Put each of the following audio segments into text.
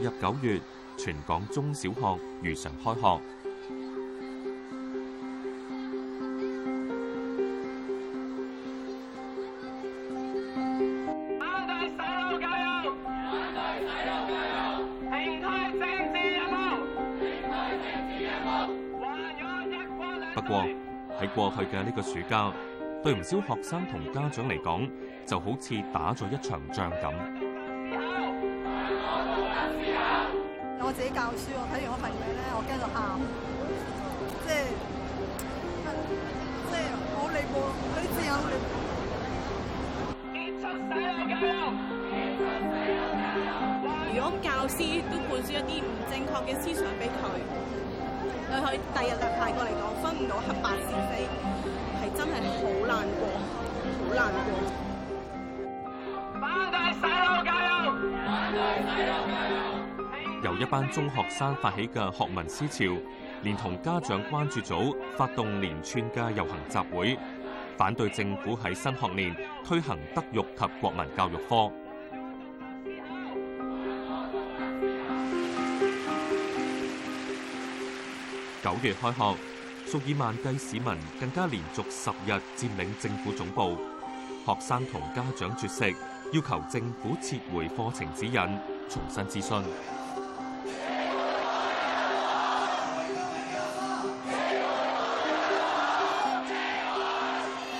入九月，全港中小學如常開學。不過喺過去嘅呢個暑假，對唔少學生同家長嚟講，就好似打咗一場仗咁。我自己教書，我睇完我名咧，我驚到喊，即係即係冇理過嗰啲師友。如果教師都灌輸一啲唔正確嘅思想俾佢，嗯、對佢第日就大個嚟講分唔到黑白是非，係真係好難過，好難過。一班中學生發起嘅學民思潮，連同家長關注組發動連串嘅遊行集會，反對政府喺新學年推行德育及國民教育科。九月開學，數以萬計市民更加連續十日佔領政府總部，學生同家長絕食，要求政府撤回課程指引，重新諮詢。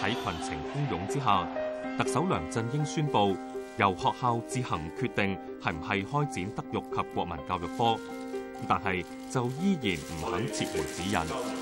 喺群情洶湧之下，特首梁振英宣佈由學校自行決定係唔係開展德育及國民教育科，但係就依然唔肯撤回指引。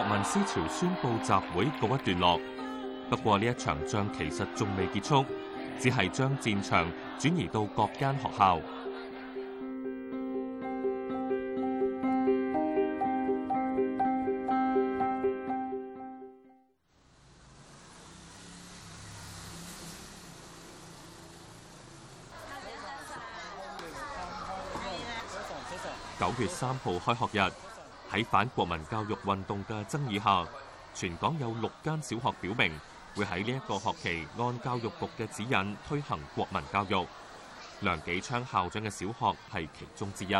學民思潮宣布集會告一段落，不過呢一場仗其實仲未結束，只係將戰場轉移到各間學校。九月三號開學日。喺反國民教育運動嘅爭議下，全港有六間小學表明會喺呢一個學期按教育局嘅指引推行國民教育。梁紀昌校長嘅小學係其中之一。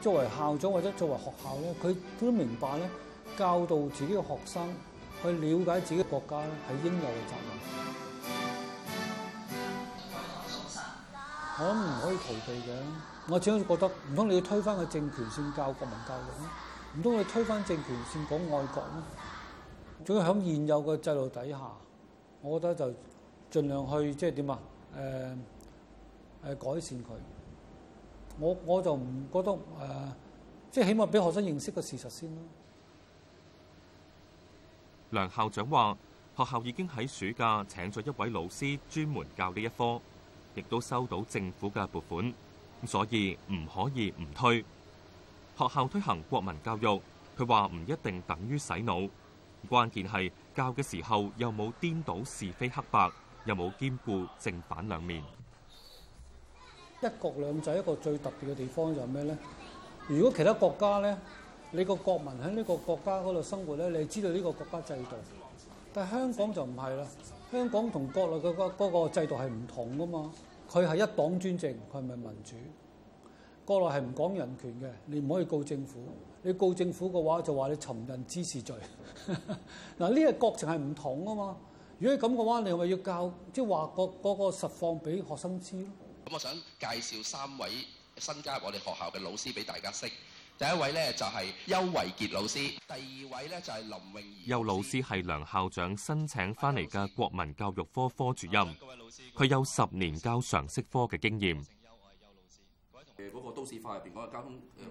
作為校長或者作為學校咧，佢都明白咧，教導自己嘅學生，去了解自己國家咧，係應有嘅責任。我諗唔可以逃避嘅。我只可以覺得，唔通你要推翻個政權先教國民教育咩？唔通你推翻政權先講愛國咩？仲要喺現有嘅制度底下，我覺得就盡量去即係點啊？誒、呃、誒、呃、改善佢。我我就唔覺得誒、呃，即係起碼俾學生認識個事實先咯。梁校長話：學校已經喺暑假請咗一位老師專門教呢一科，亦都收到政府嘅撥款，所以唔可以唔推。學校推行國民教育，佢話唔一定等於洗腦，關鍵係教嘅時候有冇顛倒是非黑白，有冇兼顧正反兩面。一國兩制一個最特別嘅地方就係咩呢？如果其他國家呢？你個國民喺呢個國家嗰度生活咧，你知道呢個國家制度。但係香港就唔係啦，香港同國內嘅嗰個制度係唔同噶嘛。佢係一黨專政，佢係唔係民主？國內係唔講人權嘅，你唔可以告政府。你告政府嘅話，就話你尋釁滋事罪。嗱，呢個國情係唔同啊嘛。如果咁嘅話，你係咪要教即係話個嗰、嗰個實況俾學生知囉？咁我想介紹三位新加入我哋學校嘅老師俾大家識。第一位呢，就係邱維杰老師；第二位呢，就係林泳怡。邱老師係梁校長申請翻嚟嘅國民教育科科主任，佢有十年教常識科嘅經驗。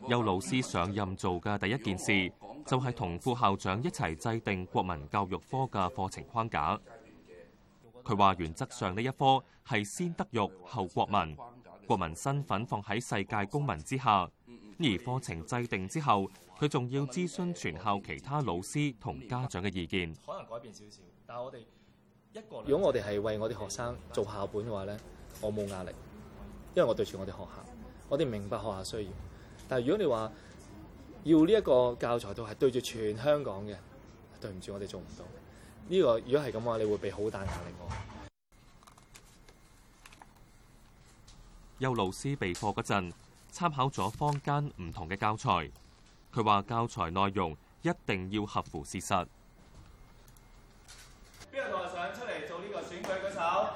邱老師上任做嘅第一件事，就係同副校長一齊制定國民教育科嘅課程框架。佢話，原則上呢一科係先德育後國民，國民身份放喺世界公民之下。而課程制定之後，佢仲要諮詢全校其他老師同家長嘅意見。可能改變少少，但係我哋一個。如果我哋係為我哋學生做校本嘅話咧，我冇壓力，因為我對住我哋學校，我哋明白學校需要。但係如果你話要呢一個教材都係對住全香港嘅，對唔住我哋做唔到。呢個如果係咁嘅話，你會俾好大壓力我。有老師備課嗰陣。參考咗坊間唔同嘅教材，佢話教材內容一定要合乎事實。邊個仲我想出嚟做呢個選舉嘅手？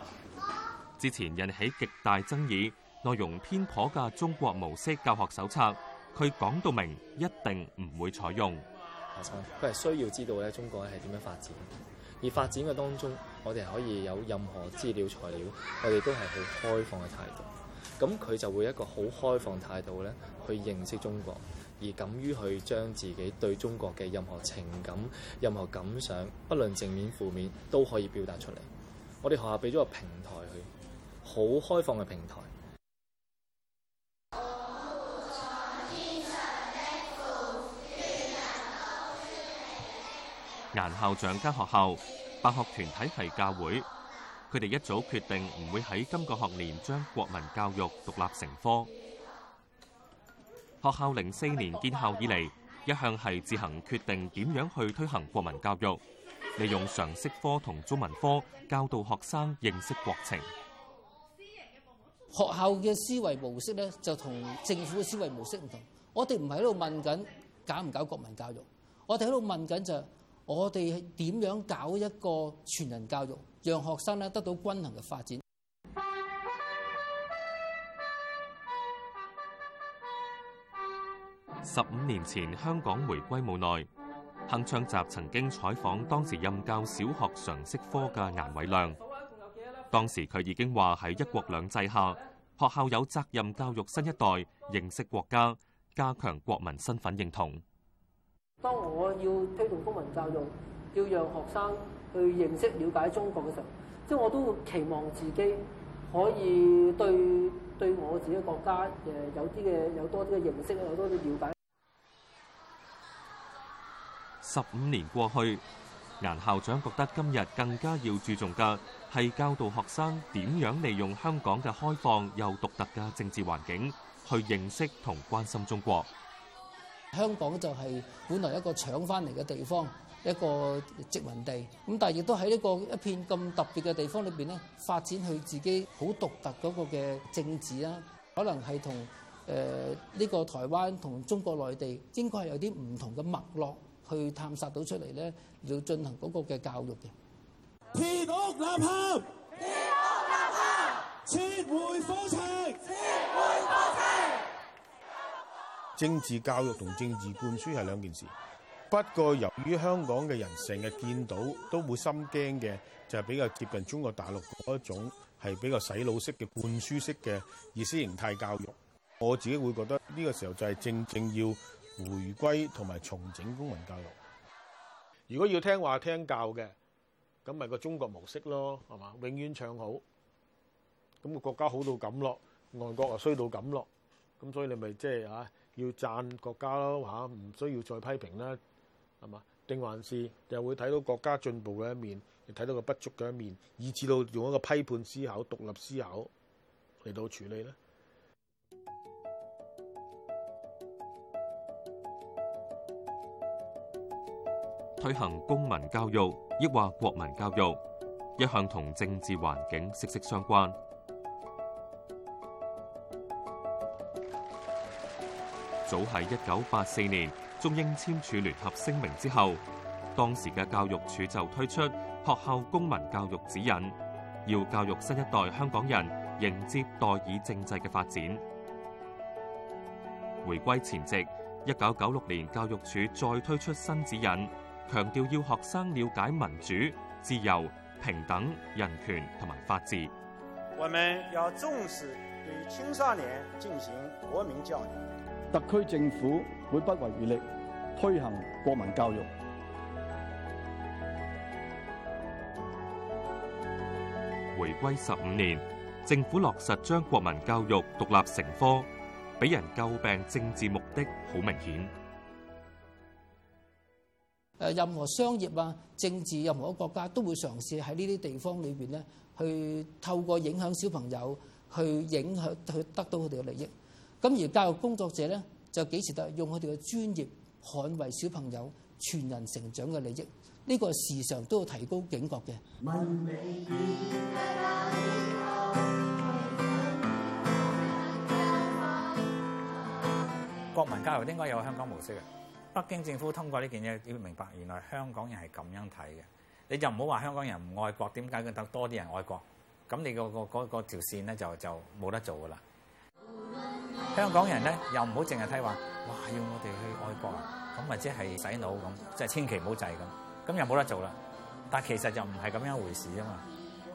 之前引起極大爭議、內容偏頗嘅中國模式教學手冊，佢講到明一定唔會採用。佢係需要知道咧，中國係點樣發展，而發展嘅當中，我哋可以有任何資料材料，我哋都係好開放嘅態度。咁佢就會一個好開放態度咧，去認識中國，而敢於去將自己對中國嘅任何情感、任何感想，不論正面負面，都可以表達出嚟。我哋學校俾咗個平台去，好開放嘅平台。顏校長間學校，辦學團體係教會。佢哋一早決定唔會喺今個學年將國民教育獨立成科。學校零四年建校以嚟，一向係自行決定點樣去推行國民教育，利用常識科同中文科教導學生認識國情。學校嘅思維模式咧，就同政府嘅思維模式唔同。我哋唔係喺度問緊搞唔搞國民教育，我哋喺度問緊就我哋係點樣搞一個全人教育。讓學生呢，得到均衡嘅發展。十五年前，香港回歸冇耐，鏗鏘集曾經採訪當時任教小學常識科嘅顏偉亮。當時佢已經話喺一國兩制下，學校有責任教育新一代認識國家，加強國民身份認同。當我要推動公民教育，要讓學生去認識了解中國嘅時候，即係我都期望自己可以對，對我自己嘅國家有啲嘅有多啲嘅認識，有多啲了解。十五年過去，顏校長覺得今日更加要注重嘅係教導學生點樣利用香港嘅開放又獨特嘅政治環境去認識同關心中國。香港就係本來一個搶翻嚟嘅地方。一個殖民地，咁但係亦都喺呢個一片咁特別嘅地方裏邊咧，發展佢自己好獨特嗰個嘅政治啦，可能係同誒呢個台灣同中國內地，應該係有啲唔同嘅脈絡去探索到出嚟，咧，要進行嗰個嘅教育嘅。鐵屋立下，鐵屋立下，撤回課程，撤回課程。政治教育同政治灌輸係兩件事。不過，由於香港嘅人成日見到，都會心驚嘅，就係、是、比較接近中國大陸嗰一種，係比較洗腦式嘅灌輸式嘅意識形態教育。我自己會覺得呢、這個時候就係正正要回歸同埋重整公民教育。如果要聽話聽教嘅，咁咪個中國模式咯，係嘛？永遠唱好，咁、那個國家好到咁咯，外國啊衰到咁咯，咁所以你咪即係啊，要讚國家咯嚇，唔、啊、需要再批評啦。係嘛？定還是又會睇到國家進步嘅一面，又睇到個不足嘅一面，以至到用一個批判思考、獨立思考嚟到處理呢。推行公民教育，抑或國民教育，一向同政治環境息息相關。早喺一九八四年，中英簽署聯合聲明之後，當時嘅教育署就推出學校公民教育指引，要教育新一代香港人迎接代議政制嘅發展。回歸前夕，一九九六年教育署再推出新指引，強調要學生了解民主、自由、平等、人權同埋法治。我們要重視對青少年進行國民教育。特區政府會不遺餘力推行國民教育。回歸十五年，政府落實將國民教育獨立成科，俾人詬病政治目的好明顯。誒，任何商業啊、政治，任何國家都會嘗試喺呢啲地方裏邊咧，去透過影響小朋友，去影響去得到佢哋嘅利益。咁而教育工作者咧，就幾時得用我哋嘅專業捍衛小朋友全人成長嘅利益？呢個時常都要提高警覺嘅。國民教育應該有香港模式嘅。北京政府通過呢件嘢，要明白原來香港人係咁樣睇嘅。你就唔好話香港人唔愛國，點解佢得多啲人愛國？咁你個個嗰個條線咧就就冇得做噶啦。香港人咧又唔好淨係睇話，哇！要我哋去愛國啊，咁或者係洗腦咁，即係千祈唔好滯咁，咁又冇得做啦。但其實就唔係咁樣回事啊嘛，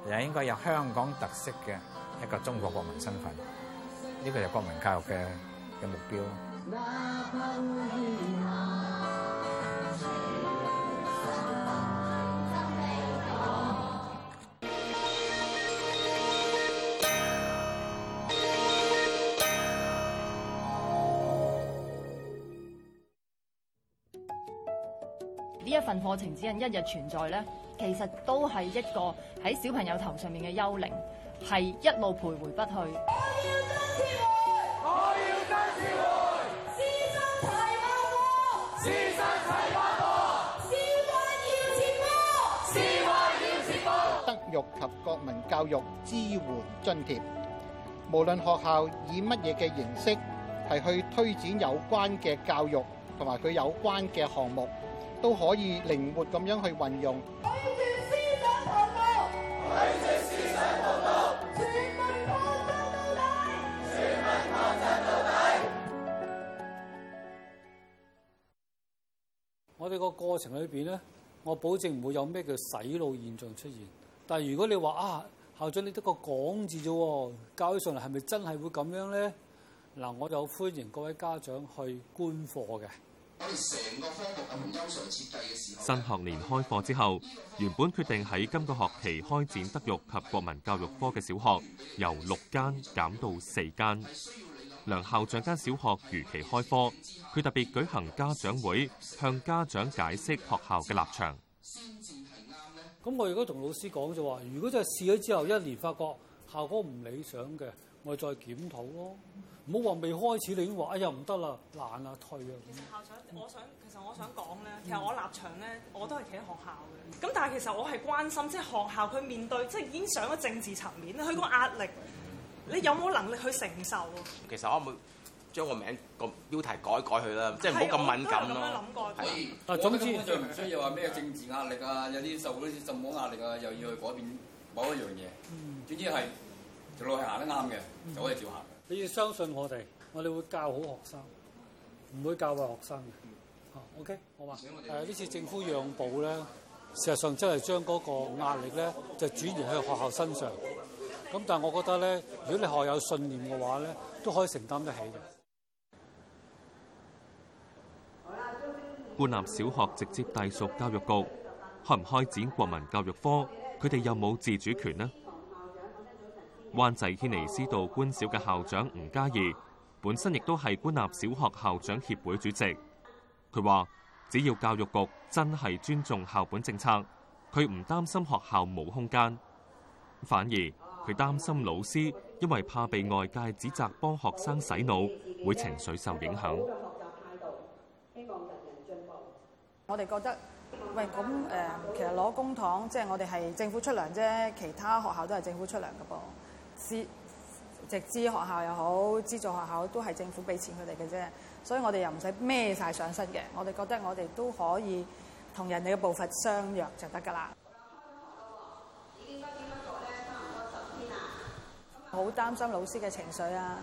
其實應該有香港特色嘅一個中國國民身份，呢個就係國民教育嘅嘅目標。一份課程只係一日存在咧，其實都係一個喺小朋友頭上面嘅幽靈，係一路徘徊不去。我要真撤回，我要真撤回，師生齊歡呼，師生齊歡呼，德育及國民教育支援津貼，無論學校以乜嘢嘅形式係去推展有關嘅教育同埋佢有關嘅項目，都可以靈活咁樣去運用。我哋個過程裏邊咧，我保證唔會有咩叫洗腦現象出現。但係如果你話啊，校長你得個講字啫，教起上嚟係咪真係會咁樣咧？嗱，我就歡迎各位家長去觀課嘅。新學年開課之後，原本決定喺今個學期開展德育及國民教育科嘅小學，由六間減到四間。梁校長間小學如期開課，佢特別舉行家長會，向家長解釋學校嘅立場。咁我如果同老師講就話，如果真係試咗之後一年，發覺效果唔理想嘅，我再檢討咯。唔好話未開始，你已經話哎呀唔得啦，難啊、啊，退啊！其實校長，我想其實我想講咧，其實我立場咧，嗯、我都係企喺學校嘅。咁但係其實我係關心，即係學校佢面對即係已經上咗政治層面啦。佢個、嗯、壓力，你有冇能力去承受啊？嗯、其實我唔會將個名個標題改一改佢啦，即係唔好咁敏感咁咯。樣諗過是可以，總之我根本上唔需要話咩政治壓力啊，有啲受到啲什麼壓力啊，又要去改變某一樣嘢。嗯、總之係條路係行得啱嘅，就可以照行。嗯你要相信我哋，我哋會教好學生，唔會教壞學生嘅。OK，好嘛？誒，呢次政府讓步咧，事實上真係將嗰個壓力咧，就轉移去學校身上。咁但係我覺得咧，如果你學校有信念嘅話咧，都可以承擔得起。好啦，冠南小學直接隸屬教育局，開唔開展國民教育科，佢哋有冇自主權呢？灣仔軒尼詩道官小嘅校長吳嘉怡本身亦都係官立小學校長協會主席。佢話：只要教育局真係尊重校本政策，佢唔擔心學校冇空間。反而佢擔心老師因為怕被外界指責幫學生洗腦，會情緒受影響。我哋覺得喂咁誒、呃，其實攞公帑即係我哋係政府出糧啫，其他學校都係政府出糧㗎噃。私直資學校又好，資助學校都係政府俾錢佢哋嘅啫，所以我哋又唔使孭晒上身嘅。我哋覺得我哋都可以同人哋嘅步伐相約就得㗎啦。開緊學啦喎，已經不見不覺咧，差唔多十天啦。好擔心老師嘅情緒啊！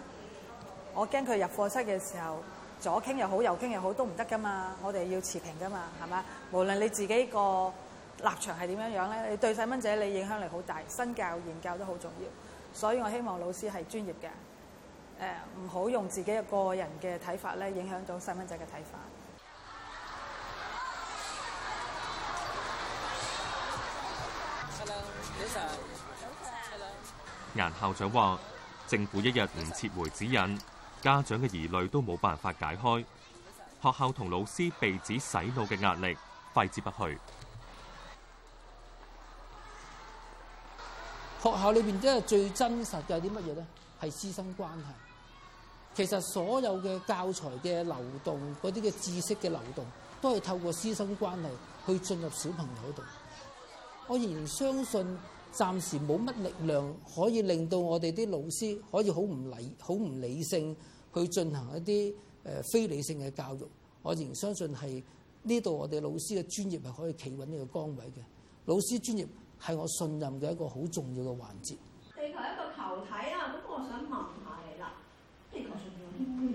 我驚佢入課室嘅時候左傾又好，右傾又好都唔得㗎嘛。我哋要持平㗎嘛，係嘛？無論你自己個立場係點樣樣咧，你對細蚊仔你影響力好大，身教言教都好重要。所以我希望老師係專業嘅，唔好用自己嘅個人嘅睇法咧影響到細蚊仔嘅睇法。顏 Hello 校長話：政府一日唔撤回指引，家長嘅疑慮都冇辦法解開，學校同老師被指洗腦嘅壓力揮之不去。學校裏邊真係最真實嘅係啲乜嘢咧？係師生關係。其實所有嘅教材嘅流動，嗰啲嘅知識嘅流動，都係透過師生關係去進入小朋友度。我仍然相信，暫時冇乜力量可以令到我哋啲老師可以好唔理、好唔理性去進行一啲誒、呃、非理性嘅教育。我仍然相信係呢度，我哋老師嘅專業係可以企穩呢個崗位嘅。老師專業。係我信任嘅一個好重要嘅環節。地球一個球體啊，咁我想問下你啦。地球上有咩？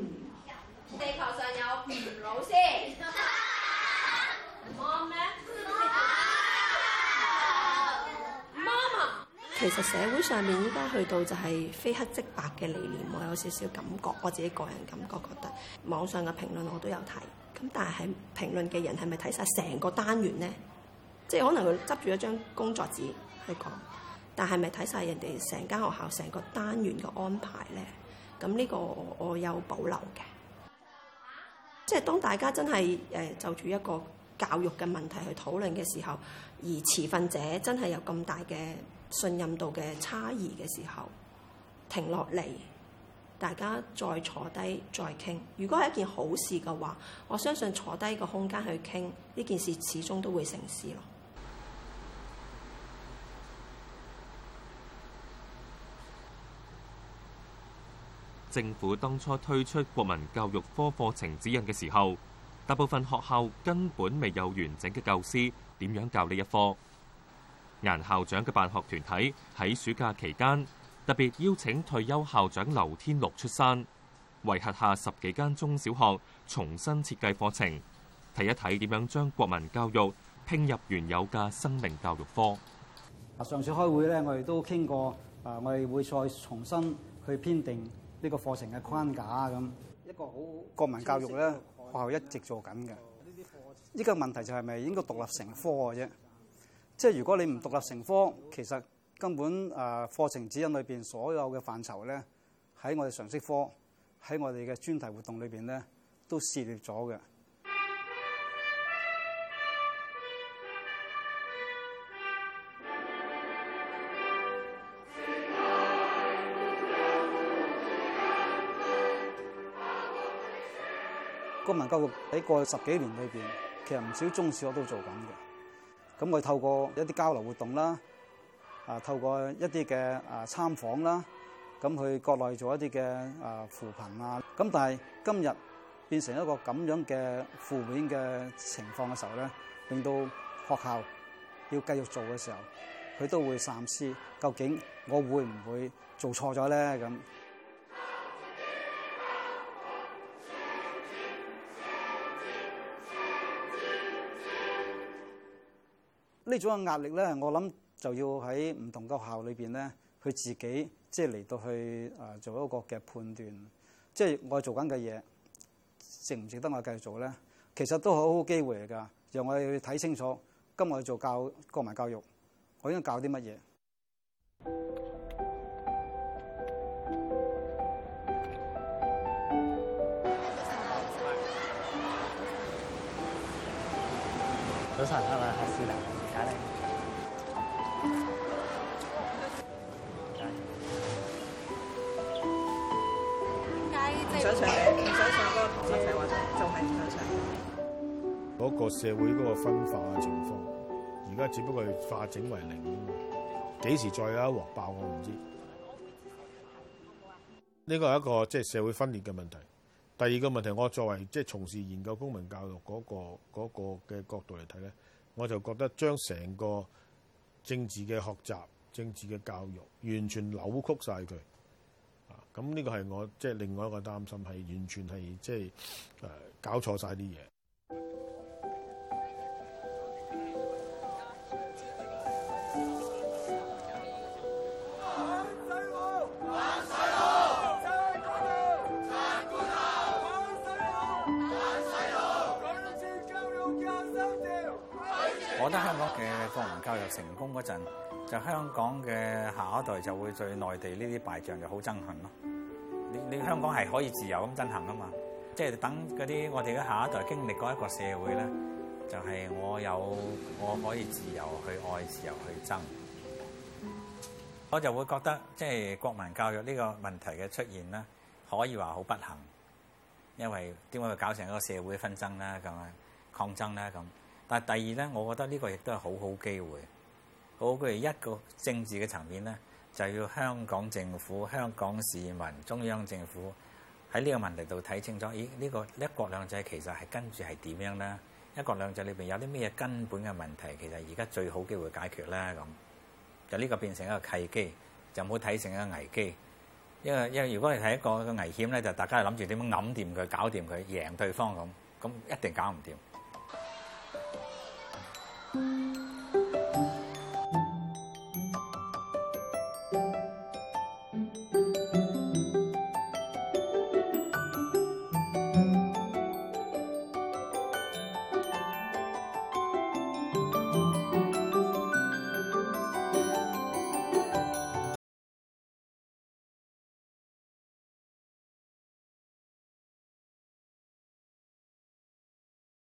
地球上有老師。媽咩？媽咪。媽咪。其實社會上面，依家去到就係非黑即白嘅理念，我有少少感覺。我自己個人感覺覺得，網上嘅評論我都有睇。咁但係評論嘅人係咪睇晒成個單元呢？即係可能佢執住一張工作紙去講，但係咪睇晒人哋成間學校成個單元嘅安排咧？咁、這、呢個我，我有保留嘅。即係當大家真係誒、呃、就住一個教育嘅問題去討論嘅時候，而持份者真係有咁大嘅信任度嘅差異嘅時候，停落嚟，大家再坐低再傾。如果係一件好事嘅話，我相信坐低個空間去傾呢件事，始終都會成事咯。政府當初推出國民教育科課程指引嘅時候，大部分學校根本未有完整嘅教師，點樣教呢一科。顏校長嘅辦學團體喺暑假期間特別邀請退休校長劉天祿出山，為轄下十幾間中小學重新設計課程，睇一睇點樣將國民教育拼入原有嘅生命教育科。上次開會呢，我哋都傾過啊，我哋會再重新去編定。呢個課程嘅框架咁，一個好國民教育咧，學校一直做緊嘅。依家問題就係咪應該獨立成科嘅啫？即係如果你唔獨立成科，其實根本誒課程指引裏邊所有嘅範疇咧，喺我哋常識科，喺我哋嘅專題活動裏邊咧，都涉獵咗嘅。公民教育喺過去十幾年裏邊，其實唔少中小學都做緊嘅。咁佢透過一啲交流活動啦，啊，透過一啲嘅啊參訪啦，咁去國內做一啲嘅啊扶貧啊。咁但係今日變成一個咁樣嘅負面嘅情況嘅時候咧，令到學校要繼續做嘅時候，佢都會三思，究竟我會唔會做錯咗咧？咁。呢種嘅壓力咧，我諗就要喺唔同嘅學校裏邊咧，佢自己即係嚟到去誒做一個嘅判斷，即係我做緊嘅嘢值唔值得我繼續做咧？其實都好好機會嚟㗎，讓我哋睇清楚，今日我做教國民教育，我應該教啲乜嘢？早晨，各位。唔想上名，唔想上歌，同乜嘢話齋，就係唔想上。嗰個社會嗰個分化嘅情況，而家只不過係化整為零啫嘛。幾時再有一鑊爆，我唔知。呢個係一個即係社會分裂嘅問題。第二個問題，我作為即係從事研究公民教育嗰、嗰個、嗰個嘅角度嚟睇咧，我就覺得將成個政治嘅學習、政治嘅教育完全扭曲晒佢。咁呢個係我即係另外一個擔心，係完全係即係誒搞錯晒啲嘢。成功嗰陣，就香港嘅下一代就會對內地呢啲敗仗就好憎恨咯。你你香港係可以自由咁憎恨啊嘛，即係等嗰啲我哋嘅下一代經歷過一個社會咧，就係我有我可以自由去愛，自由去憎，嗯、我就會覺得即係國民教育呢個問題嘅出現咧，可以話好不幸，因為點解會搞成一個社會紛爭咧咁啊，抗爭咧咁。但係第二咧，我覺得呢個亦都係好好機會。好，佢哋一個政治嘅層面咧，就要香港政府、香港市民、中央政府喺呢個問題度睇清楚。咦，呢個一國兩制其實係跟住係點樣咧？一國兩制裏邊有啲咩根本嘅問題？其實而家最好機會解決啦。咁就呢個變成一個契機，就唔好睇成一個危機。因為因為如果你睇一個嘅危險咧，就大家諗住點樣揞掂佢、搞掂佢、贏對方咁，咁一定搞唔掂。嗯